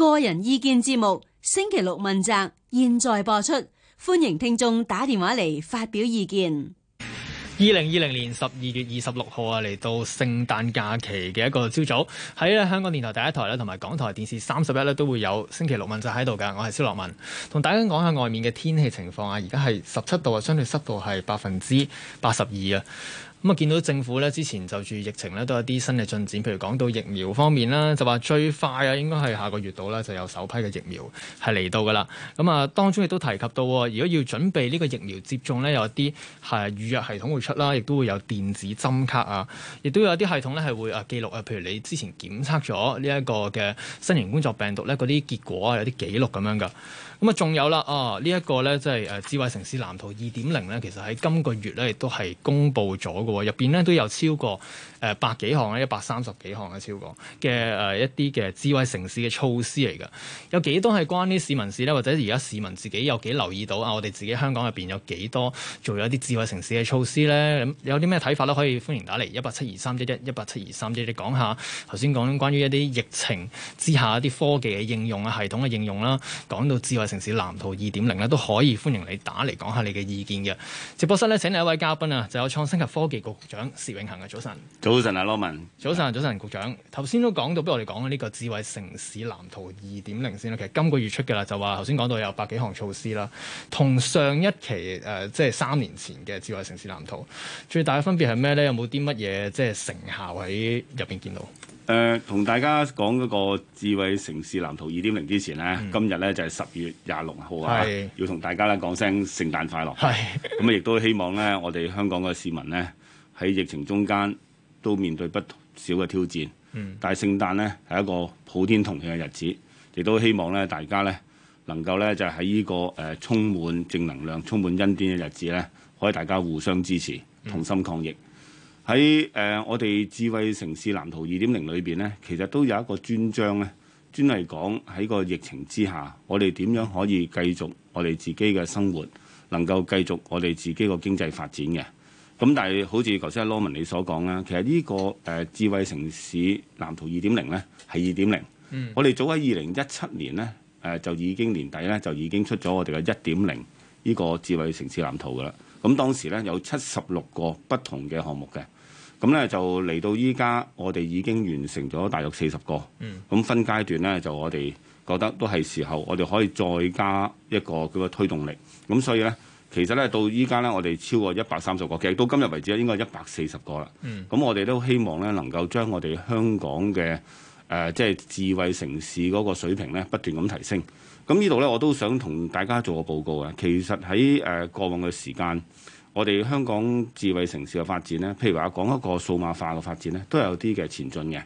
個人意見節目星期六問責，現在播出，歡迎聽眾打電話嚟發表意見。二零二零年十二月二十六號啊，嚟到聖誕假期嘅一個朝早喺咧香港電台第一台咧，同埋港台電視三十一咧都會有星期六問責喺度噶。我係蕭樂文，同大家講下外面嘅天氣情況啊。而家係十七度啊，相對濕度係百分之八十二啊。咁啊，見到政府咧，之前就住疫情咧，都有啲新嘅進展。譬如講到疫苗方面啦，就話最快啊，應該係下個月度咧就有首批嘅疫苗係嚟到㗎喇。咁啊，當中亦都提及到，如果要準備呢個疫苗接種咧，有啲係預約系統會出啦，亦都會有電子針卡啊，亦都有啲系統咧係會啊記錄啊，譬如你之前檢測咗呢一個嘅新型冠狀病毒咧，嗰啲結果啊，有啲記錄噉樣㗎。咁啊，仲有啦，啊呢一個咧，即係誒智慧城市藍圖二點零咧，其實喺今個月咧，亦都係公布咗嘅。入邊咧都有超過誒百幾項咧，一百三十幾項嘅超過嘅誒一啲嘅智慧城市嘅措施嚟嘅。有幾多係關啲市民事咧，或者而家市民自己有幾留意到啊？我哋自己香港入邊有幾多做咗啲智慧城市嘅措施咧？有啲咩睇法咧？可以歡迎打嚟，一八七二三一一一八七二三一一，講下頭先講關於一啲疫情之下一啲科技嘅應用啊、系統嘅應用啦，講到智慧。城市藍圖二點零咧都可以歡迎你打嚟講下你嘅意見嘅。直播室咧，請嚟一位嘉賓啊，就有、是、創新及科技局局長薛永恒啊。早晨，早晨啊，羅文，早晨，早晨,的早晨，局長。頭先都講到，不如我哋講下呢個智慧城市藍圖二點零先啦。其實今個月出嘅啦，就話頭先講到有百幾項措施啦。同上一期誒、呃，即係三年前嘅智慧城市藍圖，最大嘅分別係咩咧？有冇啲乜嘢即係成效喺入邊見到？誒、呃，同大家講嗰個智慧城市藍圖二點零之前咧，嗯、今日呢就係、是、十月廿六號啊！是要同大家咧講聲聖誕快樂。係咁啊，亦都希望呢，我哋香港嘅市民呢，喺疫情中間都面對不少嘅挑戰。嗯、但係聖誕呢，係一個普天同慶嘅日子，亦都希望呢，大家呢，能夠呢，就喺呢、這個誒、呃、充滿正能量、充滿恩典嘅日子呢，可以大家互相支持，同心抗疫。嗯喺誒、呃、我哋智慧城市藍圖二點零裏邊呢，其實都有一個專章咧，專係講喺個疫情之下，我哋點樣可以繼續我哋自己嘅生活，能夠繼續我哋自己個經濟發展嘅。咁、嗯、但係好似頭先阿羅文你所講啦，其實呢、呢個誒、呃、智慧城市藍圖二點零呢係二點零，0，嗯、我哋早喺二零一七年呢，誒、呃、就已經年底呢，就已經出咗我哋嘅一點零呢個智慧城市藍圖噶啦。咁、嗯、當時呢，有七十六個不同嘅項目嘅。咁咧就嚟到依家，我哋已經完成咗大約四十個。咁、嗯、分階段咧，就我哋覺得都係時候，我哋可以再加一個嗰個推動力。咁所以咧，其實咧到依家咧，我哋超過一百三十個，其實到今日為止應該係一百四十個啦。咁、嗯、我哋都希望咧能夠將我哋香港嘅誒即係智慧城市嗰個水平咧不斷咁提升。咁呢度咧我都想同大家做個報告啊。其實喺誒、呃、過往嘅時間。我哋香港智慧城市嘅發展咧，譬如話講一個數碼化嘅發展咧，都有啲嘅前進嘅。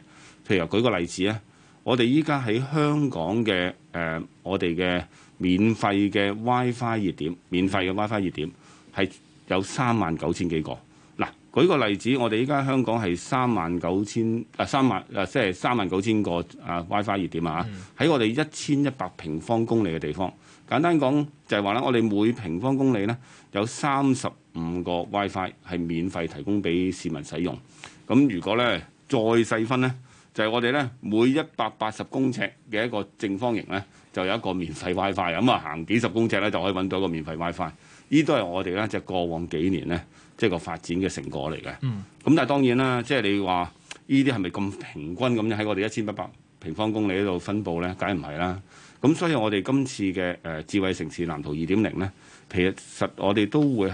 譬如又舉個例子咧，我哋依家喺香港嘅誒、呃，我哋嘅免費嘅 WiFi 熱點，免費嘅 WiFi 熱點係有三萬九千幾個。嗱、啊，舉個例子，我哋依家香港係三萬九千啊，三萬啊，即係三萬九千、就是、個啊 WiFi 熱點啊，喺我哋一千一百平方公里嘅地方。簡單講就係話咧，我哋每平方公里咧有三十五個 WiFi 係免費提供俾市民使用。咁如果咧再細分咧，就係、是、我哋咧每一百八十公尺嘅一個正方形咧，就有一個免費 WiFi。咁啊、嗯、行幾十公尺咧，就可以揾到一個免費 WiFi。Fi、呢都係我哋咧，就係、是、過往幾年咧，即、就、係、是、個發展嘅成果嚟嘅。咁、嗯、但係當然啦，即、就、係、是、你話呢啲係咪咁平均咁樣喺我哋一千八百平方公里度分布咧，梗係唔係啦。咁所以我哋今次嘅誒、呃、智慧城市藍圖二點零咧，其實我哋都會。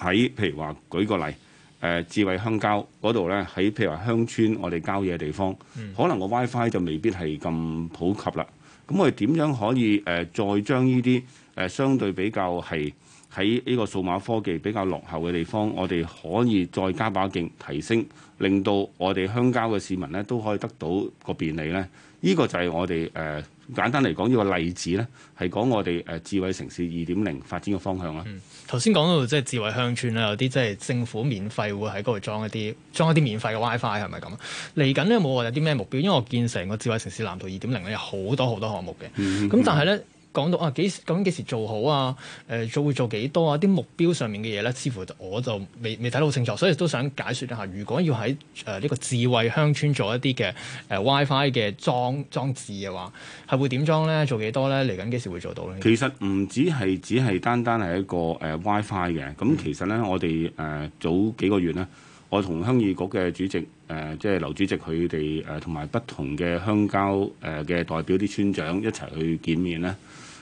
喺譬如話舉個例，誒、呃、智慧鄉郊嗰度咧，喺譬如話鄉村我哋郊野嘅地方，嗯、可能個 WiFi 就未必係咁普及啦。咁我哋點樣可以誒、呃、再將呢啲誒相對比較係喺呢個數碼科技比較落後嘅地方，我哋可以再加把勁提升，令到我哋鄉郊嘅市民咧都可以得到個便利咧。呢、這個就係我哋誒。呃簡單嚟講，呢個例子咧，係講我哋誒、呃、智慧城市二點零發展嘅方向啦。頭先講到即係智慧鄉村啦，有啲即係政府免費會喺嗰度裝一啲裝一啲免費嘅 WiFi，係咪咁？嚟緊咧冇話有啲咩目標，因為我見成個智慧城市藍圖二點零咧有好多好多項目嘅，咁、嗯嗯、但係咧。嗯講到啊幾時咁幾時做好啊？誒、呃、做會做幾多啊？啲目標上面嘅嘢咧，似乎我就未未睇到好清楚，所以都想解説一下。如果要喺誒呢個智慧鄉村做一啲嘅誒 WiFi 嘅裝裝置嘅話，係會點裝咧？做幾多咧？嚟緊幾時會做到咧？其實唔只係只係單單係一個誒 WiFi 嘅。咁、嗯、其實咧，我哋誒、呃、早幾個月咧，我同鄉議局嘅主席誒、呃，即係劉主席佢哋誒，同、呃、埋不同嘅鄉郊誒嘅代表啲村長一齊去見面咧。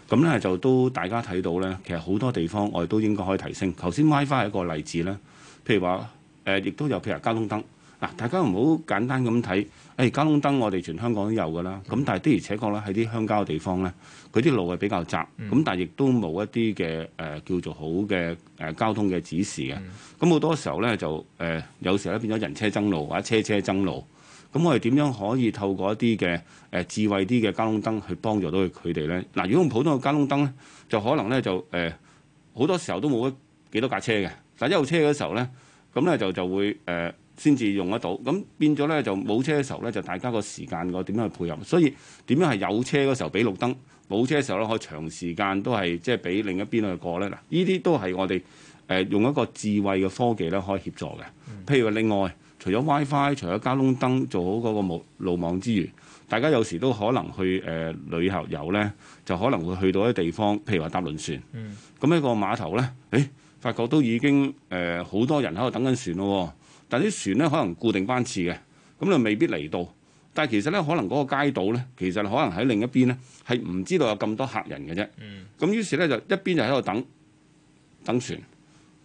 咁咧就都大家睇到咧，其實好多地方我哋都應該可以提升。頭先 WiFi 係一個例子啦，譬如話誒，亦、呃、都有譬如交通燈。嗱，大家唔好簡單咁睇，誒、哎、交通燈我哋全香港都有㗎啦。咁但係的而且確咧，喺啲鄉郊嘅地方咧，佢啲路係比較窄，咁、嗯、但係亦都冇一啲嘅誒叫做好嘅誒、呃、交通嘅指示嘅。咁好、嗯、多時候咧就誒、呃、有時候咧變咗人車爭路或者車車爭路。咁我哋點樣可以透過一啲嘅誒智慧啲嘅交通燈去幫助到佢哋咧？嗱，如果用普通嘅交通燈咧，就可能咧就誒好多時候都冇幾多架車嘅，但一有車嘅時候咧，咁咧就就會誒先至用得到。咁變咗咧就冇車嘅時候咧，就大家個時間個點樣去配合？所以點樣係有車嗰時候俾綠燈，冇車嘅時候咧可以長時間都係即係俾另一邊去過咧。嗱，呢啲都係我哋誒用一個智慧嘅科技咧可以協助嘅。譬如另外。除咗 WiFi，除咗交通燈，做好嗰個路網之餘，大家有時都可能去誒、呃、旅行遊遊咧，就可能會去到一啲地方，譬如話搭輪船。嗯，咁一個碼頭咧，誒發覺都已經誒好、呃、多人喺度等緊船咯。但啲船咧可能固定班次嘅，咁就未必嚟到。但係其實咧，可能嗰個街道咧，其實可能喺另一邊咧，係唔知道有咁多客人嘅啫。嗯，咁於是咧就一邊就喺度等等船，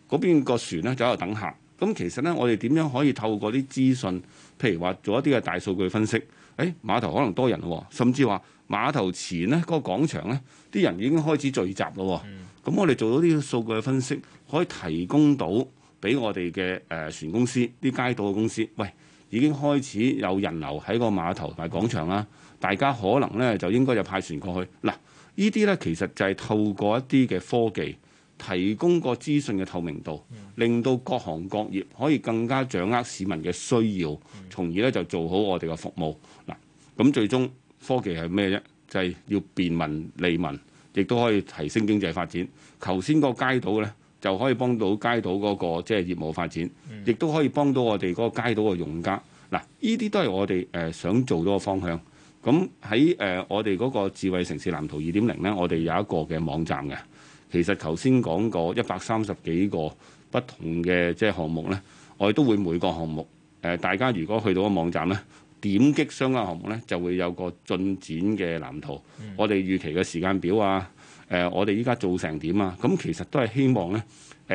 嗰邊個船咧就喺度等客。咁其實呢，我哋點樣可以透過啲資訊，譬如話做一啲嘅大數據分析，誒、哎、碼頭可能多人喎，甚至話碼頭前呢個廣場呢啲人已經開始聚集咯。咁、嗯、我哋做咗啲數據分析，可以提供到俾我哋嘅誒船公司、啲街道嘅公司，喂，已經開始有人流喺個碼頭同埋廣場啦，大家可能呢，就應該就派船過去。嗱，呢啲呢，其實就係透過一啲嘅科技。提供個資訊嘅透明度，令到各行各業可以更加掌握市民嘅需要，從而咧就做好我哋嘅服務。嗱，咁最終科技係咩啫？就係、是、要便民利民，亦都可以提升經濟發展。頭先嗰個街道咧，就可以幫到街道嗰、那個即係、就是、業務發展，亦都可以幫到我哋嗰個街道嘅用家。嗱，呢啲都係我哋誒、呃、想做到嘅方向。咁喺誒我哋嗰個智慧城市藍圖二點零咧，我哋有一個嘅網站嘅。其實頭先講過一百三十幾個不同嘅即係項目咧，我哋都會每個項目誒，大家如果去到個網站咧，點擊相關項目咧，就會有個進展嘅藍圖，我哋預期嘅時間表啊，我哋依家做成點啊，咁其實都係希望呢，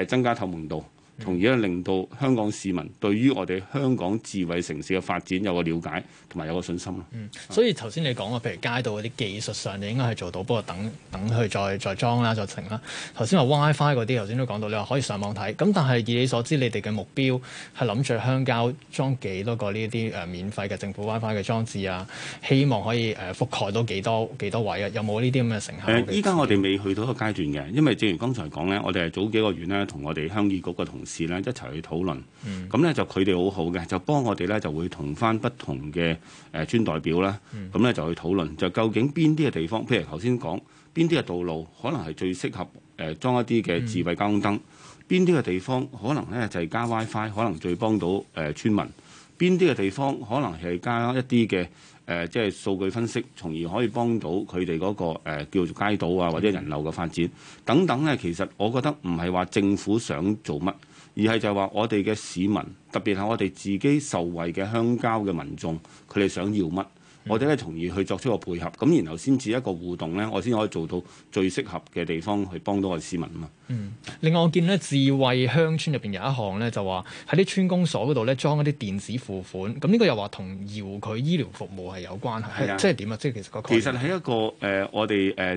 增加透明度。從而令到香港市民對於我哋香港智慧城市嘅發展有個了解同埋有個信心咯。嗯，所以頭先你講嘅，譬如街道嗰啲技術上你應該係做到，不過等等去再再裝啦，就成啦。頭先話 WiFi 嗰啲，頭先都講到你話可以上網睇。咁但係以你所知，你哋嘅目標係諗住鄉郊裝幾多個呢啲誒免費嘅政府 WiFi 嘅裝置啊？希望可以誒覆蓋到幾多幾多位啊？有冇呢啲咁嘅成效？誒，依家我哋未去到個階段嘅，因為正如剛才講咧，我哋係早幾個月咧同我哋鄉議局嘅同事咧一齊去討論，咁呢就佢哋好好嘅，就幫我哋呢就會同翻不同嘅誒專代表啦，咁呢、嗯、就去討論，就究竟邊啲嘅地方，譬如頭先講邊啲嘅道路可能係最適合誒、呃、裝一啲嘅智慧交通燈，邊啲嘅地方可能呢就係、是、加 WiFi，可能最幫到誒、呃、村民，邊啲嘅地方可能係加一啲嘅誒即係數據分析，從而可以幫到佢哋嗰個、呃、叫做街道啊或者人流嘅發展、嗯、等等呢其實我覺得唔係話政府想做乜。而係就係話，我哋嘅市民，特別係我哋自己受惠嘅鄉郊嘅民眾，佢哋想要乜，我哋咧從而去作出個配合，咁然後先至一個互動咧，我先可以做到最適合嘅地方去幫到我哋市民啊嘛、嗯。另外我見咧智慧鄉村入邊有一項咧，就話喺啲村公所嗰度咧裝一啲電子付款，咁呢個又話同遙距醫療服務係有關係的，即係點啊？即係其實個其實係一個誒、呃，我哋誒、呃、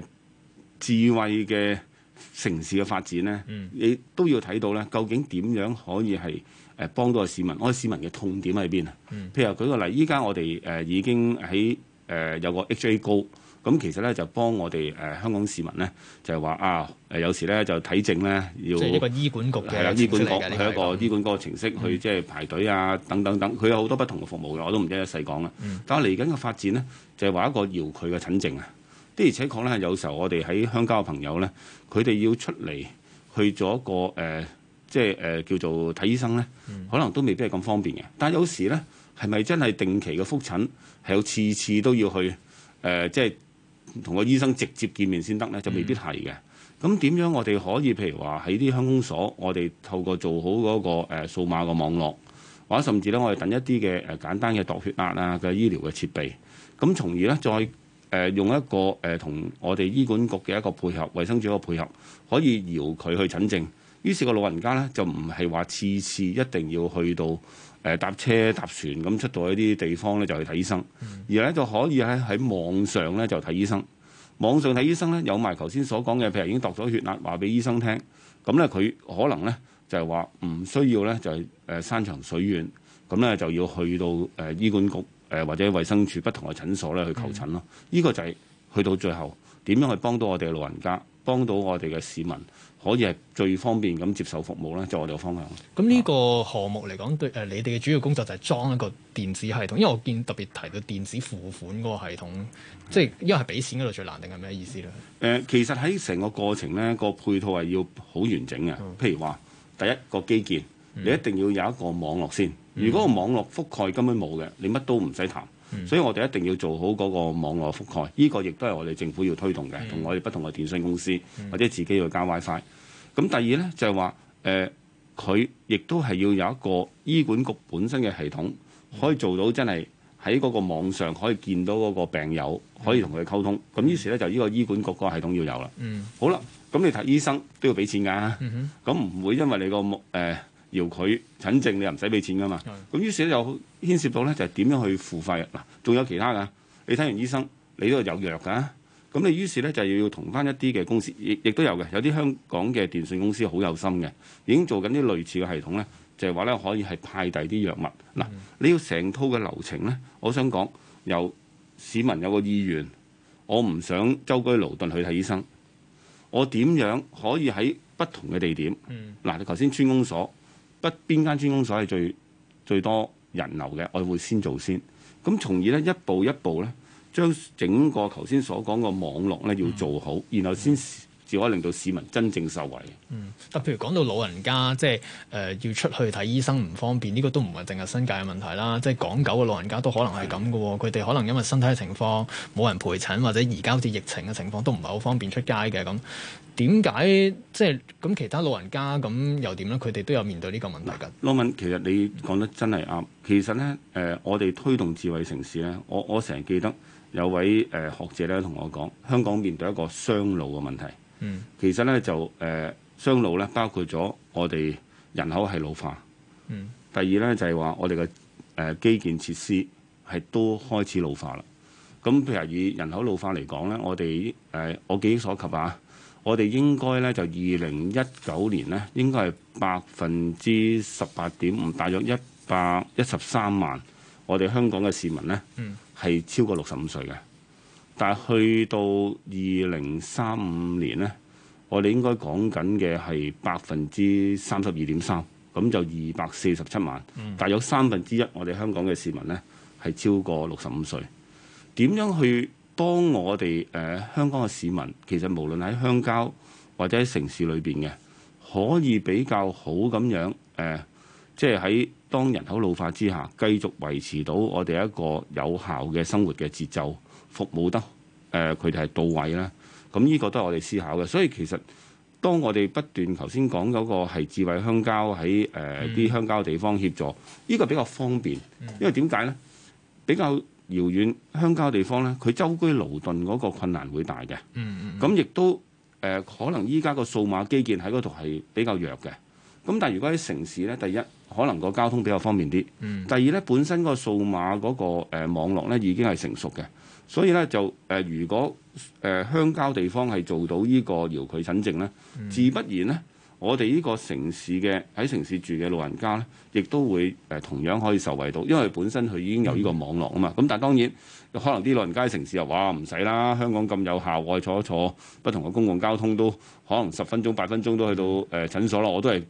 智慧嘅。城市嘅發展咧，嗯、你都要睇到咧，究竟點樣可以係誒幫到個市民？我市民嘅痛點喺邊啊？譬、嗯、如舉個例，依家我哋誒已經喺誒、呃、有個 HA Go，咁其實咧就幫我哋誒、呃、香港市民咧，就係話啊誒有時咧就睇症咧要即係呢個醫管局嘅出嚟係啊，醫管局係一個醫管局嘅程式去即係排隊啊等等等，佢有好多不同嘅服務嘅，我都唔記得細講啦。但係嚟緊嘅發展咧，就係話一個遙距嘅診症啊。的而且確咧，有時候我哋喺鄉郊嘅朋友咧，佢哋要出嚟去做一個誒、呃，即係誒、呃、叫做睇醫生咧，可能都未必係咁方便嘅。但係有時咧，係咪真係定期嘅覆診係有次次都要去誒、呃，即係同個醫生直接見面先得咧？就未必係嘅。咁點樣我哋可以譬如話喺啲鄉公所，我哋透過做好嗰個誒數碼嘅網絡，或者甚至咧我哋等一啲嘅誒簡單嘅度血壓啊嘅醫療嘅設備，咁從而咧再，誒用一個誒、呃、同我哋醫管局嘅一個配合，衛生署一個配合，可以邀佢去診症。於是個老人家咧就唔係話次次一定要去到誒、呃、搭車搭船咁出到一啲地方咧就去睇醫生，而咧就可以喺喺網上咧就睇醫生。網上睇醫生咧有埋頭先所講嘅，譬如已經度咗血壓，話俾醫生聽，咁咧佢可能咧就係話唔需要咧就係、是、誒山長水遠，咁咧就要去到誒、呃、醫管局。誒或者衛生署不同嘅診所咧去求診咯，呢、嗯、個就係、是、去到最後點樣去幫到我哋嘅老人家，幫到我哋嘅市民，可以係最方便咁接受服務咧，就係、我哋嘅方向。咁呢、嗯、個項目嚟講，對誒、呃、你哋嘅主要工作就係裝一個電子系統，因為我見特別提到電子付款個系統，即係因為係俾錢嗰度最難，定係咩意思咧？誒、嗯呃，其實喺成個過程咧，這個配套係要好完整嘅。譬如話，第一個基建，你一定要有一個網絡、嗯嗯、先。如果個網絡覆蓋根本冇嘅，你乜都唔使談。嗯、所以我哋一定要做好嗰個網絡覆蓋，呢、呢個亦都係我哋政府要推動嘅，同、嗯、我哋不同嘅電信公司、嗯、或者自己要加 WiFi。咁第二呢，就係、係、話，誒佢亦都係要有一個醫管局本身嘅系統，嗯、可以做到真係喺嗰個網上可以見到嗰個病友，可以同佢溝通。咁於是呢，就呢個醫管局個系統要有啦。嗯、好啦，咁你睇醫生都要俾錢㗎。嗯咁唔會因為你個目、呃要佢診症，你又唔使俾錢噶嘛？咁的於是咧又牽涉到咧，就係點樣去付費？嗱，仲有其他噶，你睇完醫生，你都有藥噶。咁你於是咧就係要同返一啲嘅公司，亦亦都有嘅，有啲香港嘅電訊公司好有心嘅，已經做緊啲類似嘅系統咧，就係話咧可以係派遞啲藥物。嗱、嗯，你要成套嘅流程咧，我想講，由市民有個意願，我唔想舟車勞頓去睇醫生，我點樣可以喺不同嘅地點？嗱、嗯，你頭先村公所。不邊間專公所係最最多人流嘅，我會先做先，咁從而咧一步一步咧將整個頭先所講嘅網絡咧要做好，嗯、然後先至可以令到市民真正受惠。嗯，譬如講到老人家即係誒、呃、要出去睇醫生唔方便，呢、這個都唔係淨係新界嘅問題啦。即係港九嘅老人家都可能係咁嘅喎，佢哋、嗯、可能因為身體嘅情況冇人陪診，或者而家好似疫情嘅情況都唔係好方便出街嘅咁。點解即係咁？其他老人家咁又點咧？佢哋都有面對呢個問題㗎。羅文，其實你講得真係啱。其實咧，誒、呃，我哋推動智慧城市咧，我我成日記得有位誒、呃、學者咧同我講，香港面對一個雙老嘅問題。嗯，其實咧就誒雙老咧，包括咗我哋人口係老化。嗯，第二咧就係、是、話我哋嘅誒基建設施係都開始老化啦。咁譬如以人口老化嚟講咧，我哋誒、呃、我記憶所及啊？我哋應該咧就二零一九年咧，應該係百分之十八點五，大約一百一十三萬我。我哋香港嘅市民咧，係超過六十五歲嘅。但係去到二零三五年咧，我哋應該講緊嘅係百分之三十二點三，咁就二百四十七萬，大約三分之一我哋香港嘅市民咧係超過六十五歲。點樣去？當我哋誒、呃、香港嘅市民，其實無論喺鄉郊或者喺城市裏邊嘅，可以比較好咁樣誒、呃，即係喺當人口老化之下，繼續維持到我哋一個有效嘅生活嘅節奏，服務得誒佢哋係到位啦。咁呢個都係我哋思考嘅。所以其實當我哋不斷頭先講嗰個係智慧鄉郊喺誒啲鄉郊地方協助，呢、呢個比較方便，因為點解呢？比較遙遠鄉郊地方呢，佢周居勞頓嗰個困難會大嘅、嗯。嗯嗯。咁亦都誒、呃，可能依家個數碼基建喺嗰度係比較弱嘅。咁但係如果喺城市呢，第一可能個交通比較方便啲。嗯、第二呢，本身個數碼嗰、那個誒、呃、網絡呢已經係成熟嘅，所以呢，就、呃、誒如果誒、呃、鄉郊地方係做到呢個遙距診症呢，自不然呢。我哋呢個城市嘅喺城市住嘅老人家呢，亦都會誒、呃、同樣可以受惠到，因為本身佢已經有呢個網絡啊嘛。咁但係當然，可能啲老人家城市又話唔使啦，香港咁有效，我坐一坐不同嘅公共交通都可能十分鐘、八分鐘都去到誒診所啦。我都係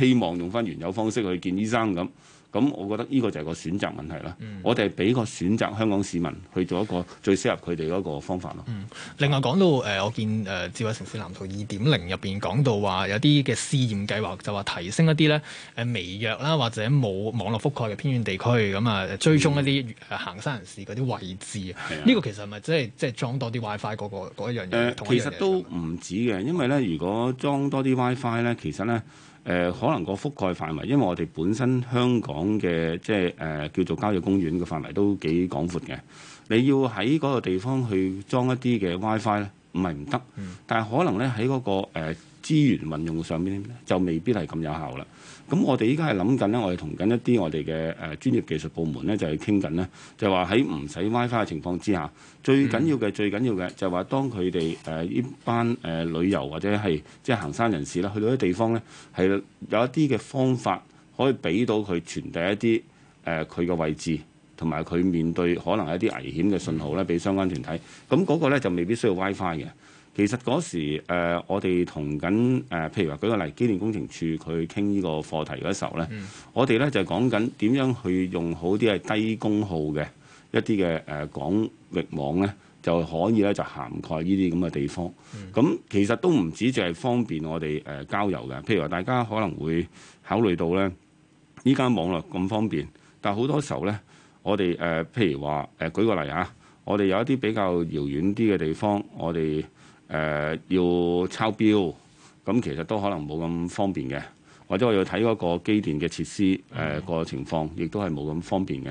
希望用返原有方式去見醫生咁。咁我覺得呢個就係個選擇問題啦。嗯、我哋係俾個選擇香港市民去做一個最適合佢哋嗰個方法咯、嗯。另外講到誒、啊呃，我見誒、呃、智慧城市藍圖二點零入邊講到話有啲嘅試驗計劃，就話提升一啲咧誒微弱啦，或者冇網絡覆蓋嘅偏遠地區，咁啊追蹤一啲行山人士嗰啲位置。呢、嗯、個其實咪即係即係裝多啲 WiFi 嗰、嗰個、嗰樣樣呃、一樣嘢。其實都唔止嘅，因為咧如果裝多啲 WiFi 咧，其實咧。誒、呃、可能個覆蓋範圍，因為我哋本身香港嘅即係誒叫做郊野公園嘅範圍都幾廣闊嘅。你要喺嗰個地方去裝一啲嘅 WiFi 咧，唔係唔得，但係可能咧喺嗰個誒、呃、資源運用上邊咧，就未必係咁有效啦。咁我哋依家係諗緊咧，我哋同緊一啲我哋嘅誒專業技術部門咧，就係傾緊咧，就係話喺唔使 WiFi 嘅情況之下，最緊要嘅最緊要嘅就係話，當佢哋誒呢班誒旅遊或者係即係行山人士啦，去到啲地方咧，係有一啲嘅方法可以俾到佢傳遞一啲誒佢嘅位置同埋佢面對可能一啲危險嘅信號咧，俾相關團體，咁嗰個咧就未必需要 WiFi 嘅。其實嗰時、呃、我哋同緊誒，譬如話舉個例，機電工程署佢傾呢個課題嗰時候咧，嗯、我哋咧就係講緊點樣去用好啲係低功耗嘅一啲嘅誒廣域網咧，就可以咧就涵蓋呢啲咁嘅地方。咁、嗯、其實都唔止淨係方便我哋誒郊遊嘅，譬如話大家可能會考慮到咧，依家網絡咁方便，但係好多時候咧，我哋誒、呃、譬如話誒、呃、舉個例啊，我哋有一啲比較遙遠啲嘅地方，我哋誒、呃、要抄表咁，其實都可能冇咁方便嘅，或者我要睇嗰個機電嘅設施誒個、呃嗯、情況，亦都係冇咁方便嘅。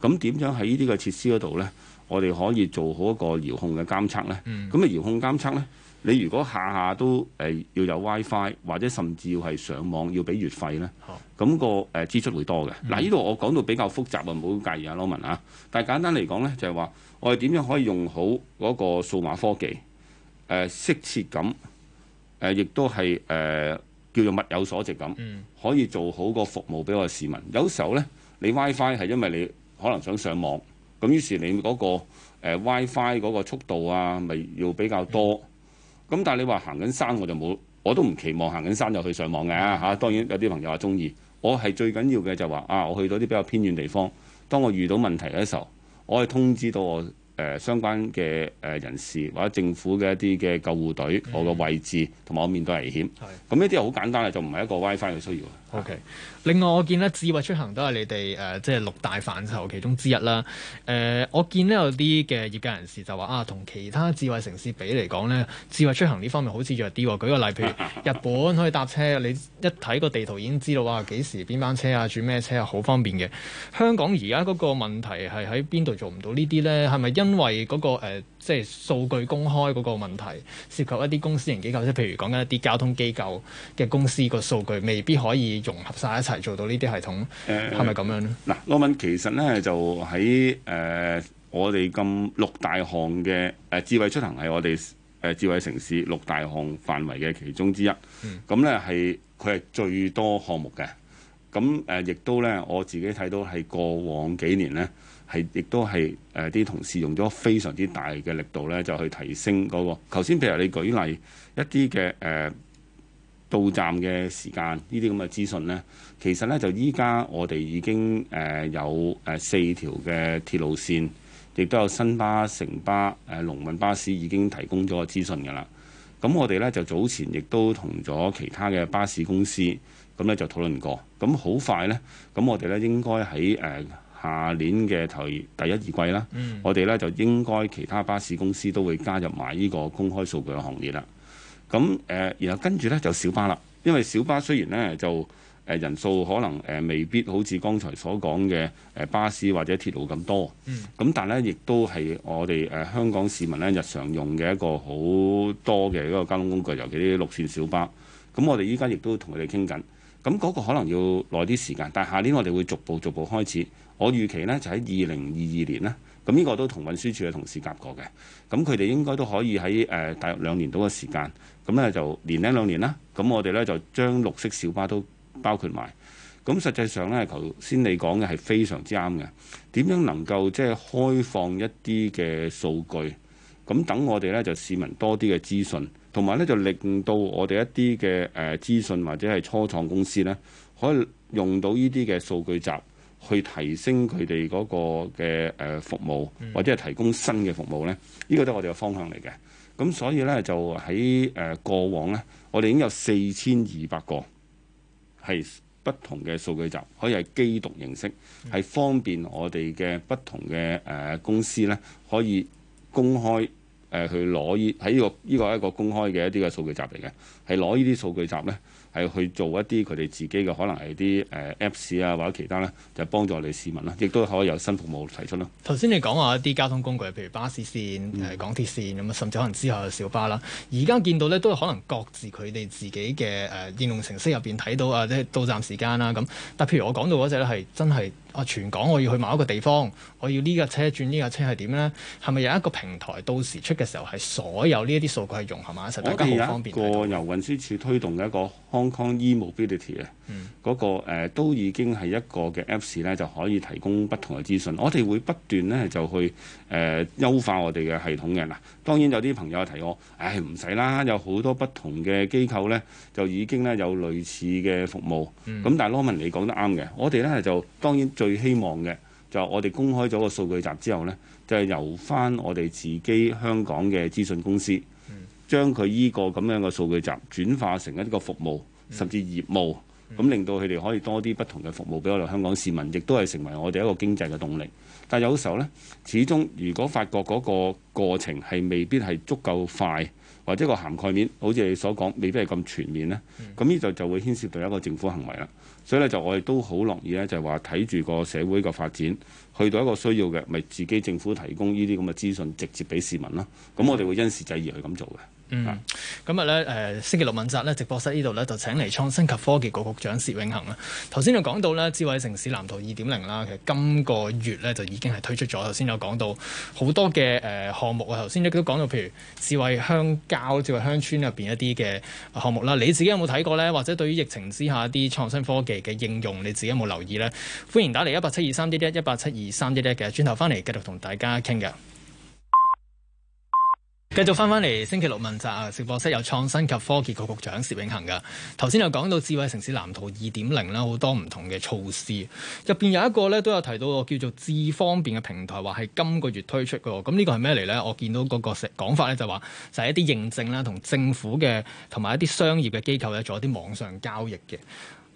咁點、嗯、樣喺呢啲嘅設施嗰度呢？我哋可以做好一個遙控嘅監測呢。咁啊、嗯、遙控監測呢？你如果下下都誒、呃、要有 WiFi，或者甚至要係上網要俾月費呢，咁、哦、個誒支出會多嘅。嗱、嗯，呢度、啊、我講到比較複雜啊，唔好介意啊，Lawman 啊。但係簡單嚟講呢，就係、是、話我哋點樣可以用好嗰個數碼科技。誒適、呃、切咁，誒、呃、亦都係誒、呃、叫做物有所值咁，嗯、可以做好個服務俾我市民。有時候呢，你 WiFi 係因為你可能想上網，咁於是你嗰個 WiFi 嗰個速度啊，咪要比較多。咁但係你話行緊山我就冇，我都唔期望行緊山就去上網嘅嚇、啊。當然有啲朋友係中意，我係最緊要嘅就話啊，我去到啲比較偏遠地方，當我遇到問題嘅時候，我可以通知到我。誒、呃、相關嘅誒人士或者政府嘅一啲嘅救護隊，嗯、我嘅位置同埋我面對危險，咁呢啲好簡單嘅，就唔係一個 WiFi 嘅需要 OK，另外我見咧智慧出行都係你哋誒、呃、即係六大範疇其中之一啦。誒、呃，我見咧有啲嘅業界人士就話啊，同其他智慧城市比嚟講咧，智慧出行呢方面好似弱啲。舉個例，譬如日本可以搭車，你一睇個地圖已經知道哇幾時邊班車啊，轉咩車啊，好方便嘅。香港而家嗰個問題係喺邊度做唔到呢啲呢？係咪因為嗰、嗰個、呃即係數據公開嗰個問題，涉及一啲公司型機構，即係譬如講緊一啲交通機構嘅公司個數據，未必可以融合晒一齊做到呢啲系統，係咪咁樣呢？嗱、呃，羅文其實呢，就喺誒、呃、我哋咁六大項嘅誒智慧出行係我哋誒、呃、智慧城市六大項範圍嘅其中之一，咁、嗯、呢，係佢係最多項目嘅，咁誒亦都呢，我自己睇到係過往幾年呢。係，亦都係誒啲同事用咗非常之大嘅力度咧，就去提升嗰個。頭先譬如你舉例一啲嘅誒到站嘅時間呢啲咁嘅資訊咧，其實咧就依家我哋已經誒、呃、有誒四條嘅鐵路線，亦都有新巴、城巴、誒龍運巴士已經提供咗個資訊㗎啦。咁我哋咧就早前亦都同咗其他嘅巴士公司咁咧就討論過。咁好快咧，咁我哋咧應該喺誒。呃下年嘅頭第一二季啦，嗯、我哋呢，就應該其他巴士公司都會加入埋呢個公開數據嘅行列啦。咁誒、呃，然後跟住呢，就小巴啦，因為小巴雖然呢，就誒、呃、人數可能誒、呃、未必好似剛才所講嘅誒巴士或者鐵路咁多，咁、嗯、但係呢，亦都係我哋誒、呃、香港市民呢日常用嘅一個好多嘅一個交通工具，尤其啲綠線小巴。咁我哋依家亦都同佢哋傾緊，咁、那、嗰個可能要耐啲時間，但係下年我哋會逐步逐步開始。我預期呢，就喺二零二二年咧，咁、嗯、呢、呢個都同運輸署嘅同事夾過嘅，咁佢哋應該都可以喺誒、呃、大約兩年到嘅時間，咁、嗯嗯、呢，就年零兩年啦。咁我哋呢，就將綠色小巴都包括埋。咁、嗯嗯嗯、實際上呢，頭先你講嘅係非常之啱嘅。點樣能夠即係、就是、開放一啲嘅數據，咁、嗯、等我哋呢，就市民多啲嘅資訊，同埋呢，就令到我哋一啲嘅誒資訊或者係初創公司呢，可以用到呢啲嘅數據集。去提升佢哋嗰個嘅誒服務或者係提供新嘅服務咧，呢、呢個都係我哋嘅方向嚟嘅。咁所以咧，就喺誒過往咧，我哋已經有四千二百個係不同嘅數據集，可以係機讀形式，係方便我哋嘅不同嘅誒公司咧，可以公開誒去攞呢，喺依個依、呢個一個公開嘅一啲嘅數據集嚟嘅，係攞呢啲數據集咧。係去做一啲佢哋自己嘅可能係啲誒、呃、Apps 啊，或者其他咧，就幫助我哋市民啦、啊，亦都可以有新服務提出啦、啊。頭先你講話一啲交通工具，譬如巴士線、誒、呃、港鐵線咁啊，甚至可能之後嘅小巴啦。而家見到咧，都可能各自佢哋自己嘅誒應用程式入邊睇到啊，即係到站時間啦咁。但譬如我講到嗰隻咧，係真係。啊、全港我要去某一個地方，我要呢架車轉呢架車係點呢？係咪有一個平台到時出嘅時候係所有呢一啲數據係融合埋一齊，大家好方便？我個由運輸署推動嘅一個 Hong Kong e Mobility 啊，嗰、嗯那個、呃、都已經係一個嘅 Apps 咧，就可以提供不同嘅資訊。我哋會不斷咧就去誒、呃、優化我哋嘅系統嘅嗱。當然有啲朋友提我，唉，唔使啦，有好多不同嘅機構呢，就已經呢有類似嘅服務。咁、嗯、但係羅文你講得啱嘅，我哋呢，就當然最希望嘅就我哋公開咗個數據集之後呢，就係、是、由返我哋自己香港嘅資訊公司、嗯、將佢呢個咁樣嘅數據集轉化成一個服務，嗯、甚至業務，咁、嗯、令到佢哋可以多啲不同嘅服務俾我哋香港市民，亦都係成為我哋一個經濟嘅動力。但有時候咧，始終如果發覺嗰個過程係未必係足夠快，或者個涵蓋面，好似你所講，未必係咁全面咧，咁呢度就會牽涉到一個政府行為啦。所以咧，就我哋都好樂意咧，就係話睇住個社會個發展，去到一個需要嘅，咪、就是、自己政府提供呢啲咁嘅資訊，直接俾市民囉。咁我哋會因時制宜去咁做嘅。嗯，今日咧誒星期六問責咧直播室呢度咧就請嚟創新及科技局局長薛永恒啦。頭先就講到咧智慧城市藍圖二點零啦，其實今個月咧就已經係推出咗。頭先有講到好多嘅誒、呃、項目啊，頭先亦都講到譬如智慧鄉郊、智慧鄉村入邊一啲嘅項目啦。你自己有冇睇過呢？或者對於疫情之下啲創新科技嘅應用，你自己有冇留意呢？歡迎打嚟一八七二三一一一八七二三一一嘅，轉頭翻嚟繼續同大家傾嘅。繼續翻返嚟星期六問責直播室，有創新及科技局局長薛永恒噶。頭先有講到智慧城市藍圖二點零啦，好多唔同嘅措施。入邊有一個咧，都有提到個叫做智方便嘅平台，話係今個月推出嘅。咁呢個係咩嚟咧？我見到嗰個講法咧，就話就係一啲認證啦，同政府嘅同埋一啲商業嘅機構咧，做一啲網上交易嘅。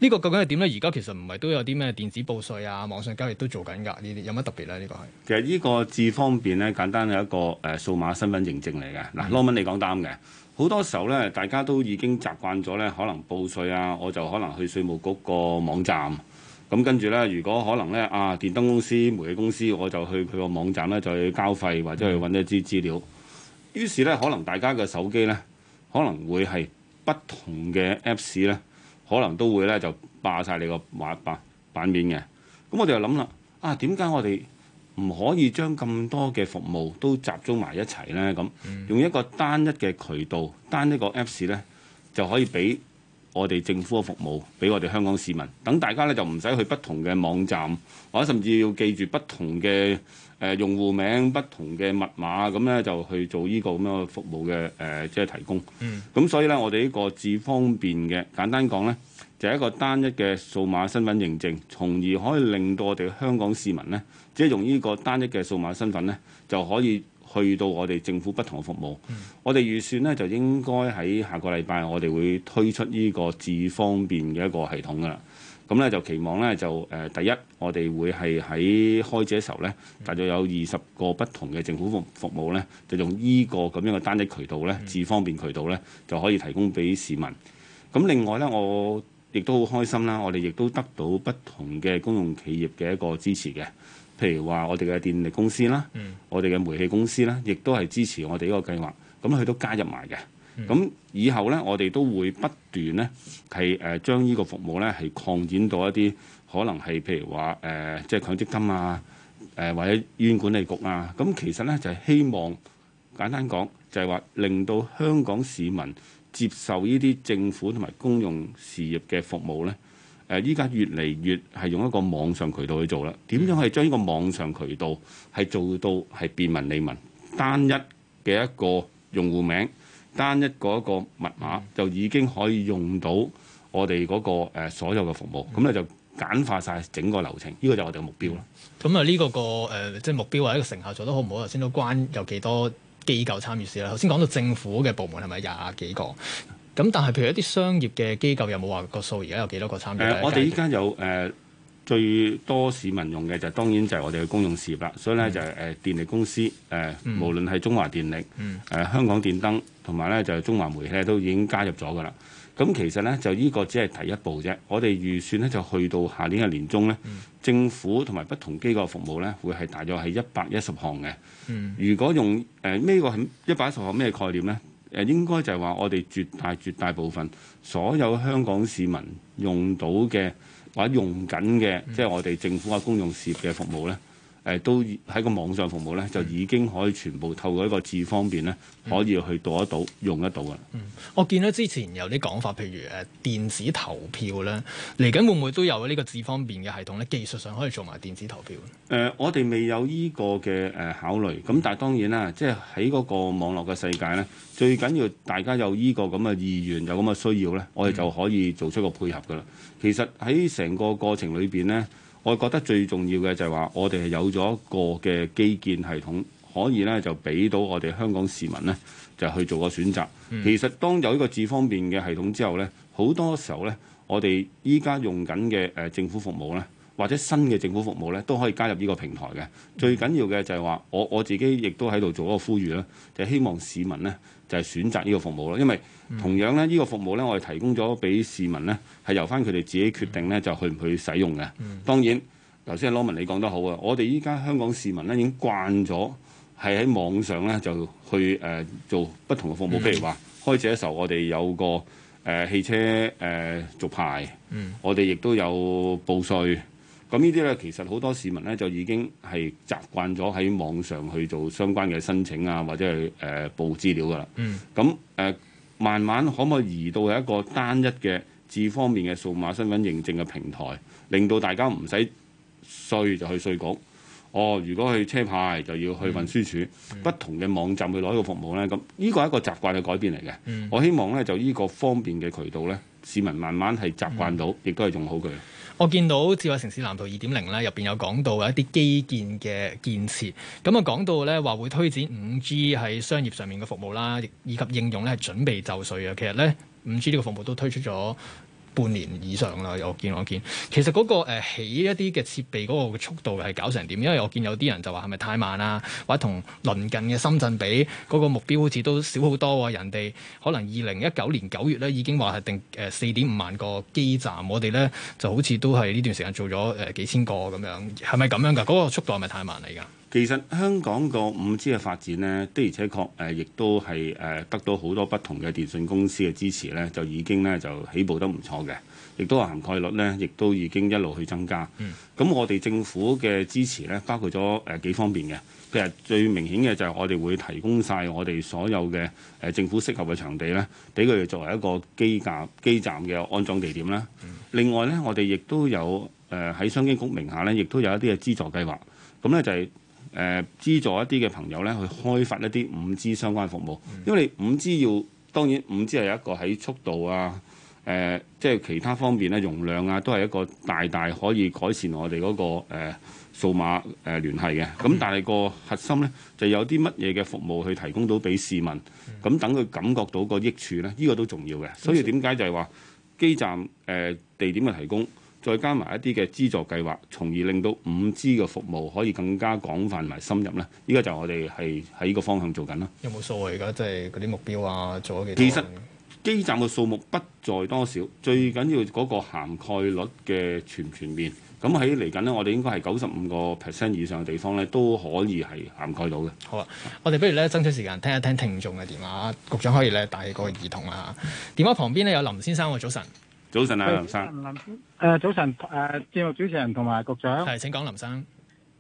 呢個究竟係點呢？而家其實唔係都有啲咩電子報稅啊、網上交易都做緊㗎。呢啲有乜特別呢？呢個係其實呢個字方便呢，簡單係一個誒數碼身份認證嚟嘅。嗱，羅、嗯、文你講得啱嘅。好多時候呢，大家都已經習慣咗呢，可能報稅啊，我就可能去稅務局個網站。咁跟住呢，如果可能呢，啊電燈公司、煤氣公司，我就去佢個網站呢，就去交費，或者去揾一啲資料。於是呢，可能大家嘅手機呢，可能會係不同嘅 Apps 呢。可能都會咧，就霸晒你個畫版版面嘅。咁我哋就諗啦，啊點解我哋唔可以將咁多嘅服務都集中埋一齊呢？咁用一個單一嘅渠道，單一個 Apps 呢，就可以俾我哋政府嘅服務，俾我哋香港市民，等大家呢，就唔使去不同嘅網站，或者甚至要記住不同嘅。誒、呃、用戶名不同嘅密碼咁咧，就去做呢個咁樣嘅服務嘅誒、呃，即係提供。咁、嗯、所以咧，我哋呢個智方便嘅，簡單講咧，就係、是、一個單一嘅數碼身份認證，從而可以令到我哋香港市民咧，只用呢個單一嘅數碼身份咧，就可以去到我哋政府不同嘅服務。嗯、我哋預算咧，就應該喺下個禮拜，我哋會推出呢個智方便嘅一個系統噶啦。咁咧就期望咧就誒、呃、第一，我哋會係喺開始嘅時候咧，大概有二十個不同嘅政府服務服務咧，就用依個咁樣嘅單一渠道咧，至、嗯、方便渠道咧，就可以提供俾市民。咁另外咧，我亦都好開心啦，我哋亦都得到不同嘅公用企業嘅一個支持嘅，譬如話我哋嘅電力公司啦，嗯、我哋嘅煤氣公司啦，亦都係支持我哋呢個計劃，咁、嗯、佢都加入埋嘅。咁以後呢，我哋都會不斷呢，係誒、呃、將呢個服務呢，係擴展到一啲可能係譬如話誒、呃，即係強積金啊，誒、呃、或者醫院管理局啊。咁其實呢，就係、是、希望簡單講就係、是、話令到香港市民接受呢啲政府同埋公用事業嘅服務呢。誒依家越嚟越係用一個網上渠道去做啦。點樣係將呢個網上渠道係做到係便民利民，單一嘅一個用戶名。單一個一個密碼、嗯、就已經可以用到我哋嗰個所有嘅服務，咁咧、嗯、就簡化晒整個流程，呢、呢個就我哋嘅目標。咁啊、嗯，呢個個誒即係目標或者個成效做得好唔好？頭先都關有幾多機構參與先啦。頭先講到政府嘅部門係咪廿幾個？咁但係譬如一啲商業嘅機構有冇話個數？而家有幾多個參與？呃、我哋依家有誒。呃最多市民用嘅就當然就係我哋嘅公用事業啦，所以咧就係誒電力公司誒，嗯、無論係中華電力、誒、嗯呃、香港電燈同埋咧就係中華煤氣都已經加入咗噶啦。咁其實咧就呢個只係第一步啫。我哋預算咧就去到下年嘅年中咧，嗯、政府同埋不同機構服務咧會係大約係一百一十項嘅。如果用誒呢個係一百一十項咩概念咧？誒應該就係話我哋絕大絕大部分所有香港市民用到嘅。或者用緊嘅，即係我哋政府啊公用事業嘅服務咧。誒都喺個網上服務呢，嗯、就已經可以全部透過一個智方便呢，可以去到得到用得到㗎。嗯，我見到之前有啲講法，譬如誒電子投票呢，嚟緊會唔會都有呢個智方便嘅系統呢？技術上可以做埋電子投票。誒、呃，我哋未有呢個嘅誒考慮。咁、嗯、但係當然啦，即係喺嗰個網絡嘅世界呢，最緊要大家有呢個咁嘅意願，有咁嘅需要呢，我哋就可以做出個配合噶啦。嗯、其實喺成個過程裏邊呢。我覺得最重要嘅就係話，我哋係有咗一個嘅基建系統，可以呢就俾到我哋香港市民呢，就去做個選擇。其實當有呢個智方便嘅系統之後呢，好多時候呢，我哋依家用緊嘅政府服務呢，或者新嘅政府服務呢，都可以加入呢個平台嘅。最緊要嘅就係話，我我自己亦都喺度做一個呼籲啦，就希望市民呢，就係選擇呢個服務咯，因為同樣咧，呢、這個服務咧，我哋提供咗俾市民咧，係由翻佢哋自己決定咧，就去唔去使用嘅。當然，頭先阿羅文你講得好啊，我哋依家香港市民咧已經慣咗係喺網上咧就去誒、呃、做不同嘅服務，譬如話開始嘅時候，我哋有個誒、呃、汽車誒、呃、續牌，我哋亦都有報稅。咁呢啲咧，其實好多市民咧就已經係習慣咗喺網上去做相關嘅申請啊，或者係誒、呃、報資料噶啦。嗯。咁誒、呃，慢慢可唔可以移到係一個單一嘅智方便嘅數碼身份認證嘅平台，令到大家唔使稅就去稅局，哦，如果去車牌就要去運輸署，嗯嗯、不同嘅網站去攞個服務咧。咁呢個係一個習慣嘅改變嚟嘅。嗯、我希望咧就呢個方便嘅渠道咧。市民慢慢係習慣到，亦都係用好佢。我見到智慧城市藍圖2.0咧，入邊有講到一啲基建嘅建設。咁啊，講到咧話會推展 5G 喺商業上面嘅服務啦，亦以及應用咧係準備就緒啊。其實咧，5G 呢個服務都推出咗。半年以上啦，我見我見，其實嗰個，呃，起一啲嘅設備嗰個速度係搞成點？因為我見有啲人就話係咪太慢啊？或者同鄰近嘅深圳比，嗰個目標好似都少好多喎。人哋可能二零一九年九月咧已經話係定誒四點五萬個基站，我哋咧就好似都係呢段時間做咗誒幾千個咁樣，係咪咁樣噶？嗰個速度係咪太慢嚟㗎？其實香港個五 G 嘅發展呢，的而且確誒，亦、呃、都係誒得到好多不同嘅電訊公司嘅支持呢，就已經呢就起步得唔錯嘅，亦都個涵蓋率呢，亦都已經一路去增加。咁、嗯、我哋政府嘅支持呢，包括咗誒、呃、幾方面嘅，譬如最明顯嘅就係我哋會提供晒我哋所有嘅誒、呃、政府適合嘅場地呢，俾佢哋作為一個機架基站嘅安裝地點啦。嗯、另外呢，我哋亦都有誒喺、呃、商經局名下呢，亦都有一啲嘅資助計劃。咁呢就係、是。誒、呃、資助一啲嘅朋友咧，去開發一啲五 G 相關服務，因為五 G 要當然五 G 係一個喺速度啊，誒、呃、即係其他方面咧，容量啊，都係一個大大可以改善我哋嗰、那個誒、呃、數碼誒、呃、聯繫嘅。咁但係個核心咧，就有啲乜嘢嘅服務去提供到俾市民，咁等佢感覺到個益處咧，呢、這個都重要嘅。所以點解就係話基站誒、呃、地點嘅提供。再加埋一啲嘅資助計劃，從而令到五 G 嘅服務可以更加廣泛埋深入呢，依家就我哋係喺呢個方向做緊啦。有冇數啊？而家即係嗰啲目標啊，做咗幾多？其實基站嘅數目不在多少，最緊要嗰個涵蓋率嘅全唔全面。咁喺嚟緊呢，我哋應該係九十五個 percent 以上嘅地方呢，都可以係涵蓋到嘅。好啊，我哋不如咧爭取時間聽一聽聽，聽眾嘅電話。局長可以咧帶個耳筒啦。電話旁邊呢，有林先生喎，早晨。早晨啊，林生。誒，早晨誒，節目主持人同埋局長。係，請講林生。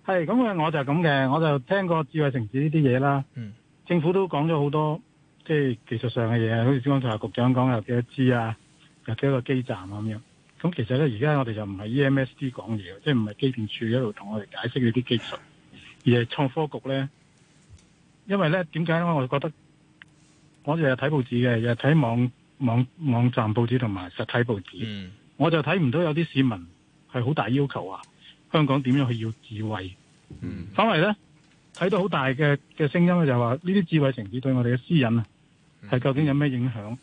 係，咁啊，我就咁嘅，我就聽過智慧城市呢啲嘢啦。嗯。政府都講咗好多，即係技術上嘅嘢，好似剛才局長講，有幾多支啊，有幾個基站咁樣。咁其實咧，而家我哋就唔係 EMSD 講嘢，即係唔係機電處一路同我哋解釋呢啲技術，而係創科局咧，因為咧點解咧？我覺得我成日睇報紙嘅，又睇網。網網站報紙同埋實體報紙，嗯、我就睇唔到有啲市民係好大要求啊。香港點樣去要智慧？嗯、反而咧睇到好大嘅嘅聲音咧，就話呢啲智慧城市對我哋嘅私隱啊，係究竟有咩影響？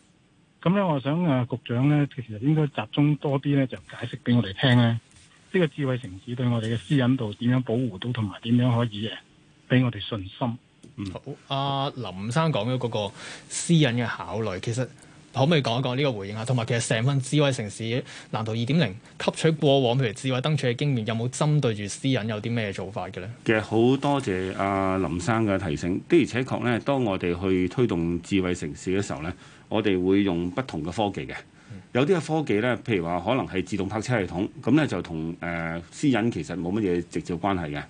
咁咧、嗯，我想誒、啊，局長咧，其實應該集中多啲咧，就解釋俾我哋聽咧，呢、呢個智慧城市對我哋嘅私隱度點樣保護到，同埋點樣可以嘅，俾我哋信心。嗯，好。阿、啊、林生講咗嗰個私隱嘅考慮，其實。可唔可以講一講呢個回應啊？同埋其實成份智慧城市藍圖二點零，吸取過往譬如智慧燈柱嘅經驗，有冇針對住私隱有啲咩做法嘅咧？其實好多謝阿林生嘅提醒，的而且確咧，當我哋去推動智慧城市嘅時候咧，我哋會用不同嘅科技嘅，有啲嘅科技咧，譬如話可能係自動泊車系統，咁咧就同誒私隱其實冇乜嘢直接關係嘅。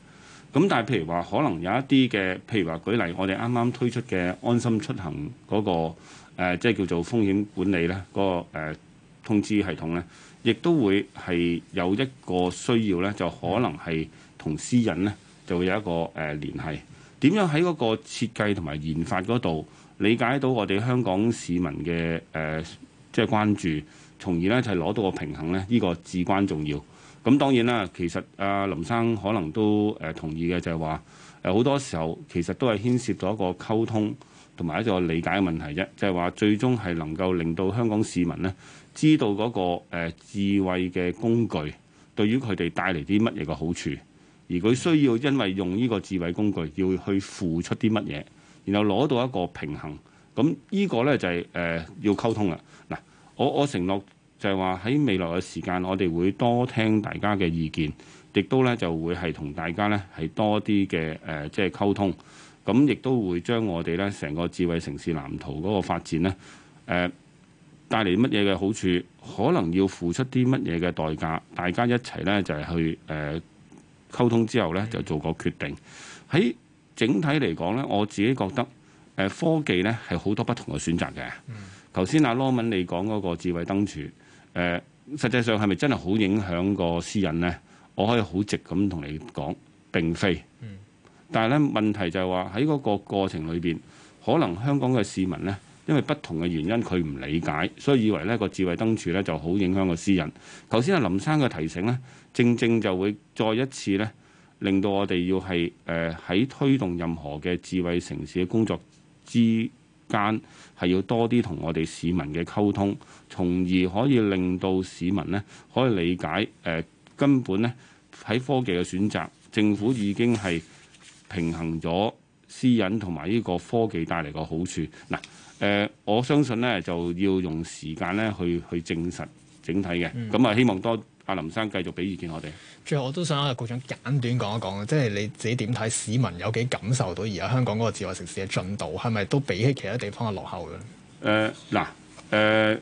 咁但係譬如話可能有一啲嘅，譬如話舉例，我哋啱啱推出嘅安心出行嗰個。誒，即係叫做風險管理咧，嗰個誒通知系統呢，亦都會係有一個需要呢，就可能係同私隱呢就會有一個誒聯繫。點樣喺嗰個設計同埋研發嗰度理解到我哋香港市民嘅誒即係關注，從而呢就攞到個平衡呢，呢個至關重要。咁當然啦，其實阿林生可能都誒同意嘅，就係話誒好多時候其實都係牽涉到一個溝通。同埋一個理解嘅問題啫，就係話最終係能夠令到香港市民呢知道嗰個誒智慧嘅工具對於佢哋帶嚟啲乜嘢嘅好處，而佢需要因為用呢個智慧工具要去付出啲乜嘢，然後攞到一個平衡，咁呢個呢，就係誒要溝通啦。嗱，我我承諾就係話喺未來嘅時間，我哋會多聽大家嘅意見，亦都呢就會係同大家呢係多啲嘅誒即係溝通。咁亦都會將我哋呢成個智慧城市藍圖嗰個發展呢誒帶嚟乜嘢嘅好處，可能要付出啲乜嘢嘅代價，大家一齊呢就係去誒溝通之後呢，就做個決定。喺整體嚟講呢，我自己覺得科技呢係好多不同嘅選擇嘅。頭先阿羅文你講嗰個智慧燈柱，誒實際上係咪真係好影響個私隱呢？我可以好直咁同你講，並非。但係咧，問題就係話喺嗰個過程裏邊，可能香港嘅市民呢，因為不同嘅原因，佢唔理解，所以以為呢個智慧燈柱呢就好影響個私隱。頭先阿林生嘅提醒呢，正正就會再一次呢，令到我哋要係誒喺推動任何嘅智慧城市嘅工作之間，係要多啲同我哋市民嘅溝通，從而可以令到市民呢可以理解誒、呃、根本呢，喺科技嘅選擇，政府已經係。平衡咗私隱同埋呢個科技帶嚟嘅好處嗱，誒、呃，我相信呢，就要用時間呢去去證實整體嘅，咁啊、嗯，希望多阿林生繼續俾意見我哋。最後我都想，阿局長簡短講一講，即係你自己點睇市民有幾感受到而家香港嗰個智慧城市嘅進度，係咪都比起其他地方嘅落後嘅？誒嗱誒，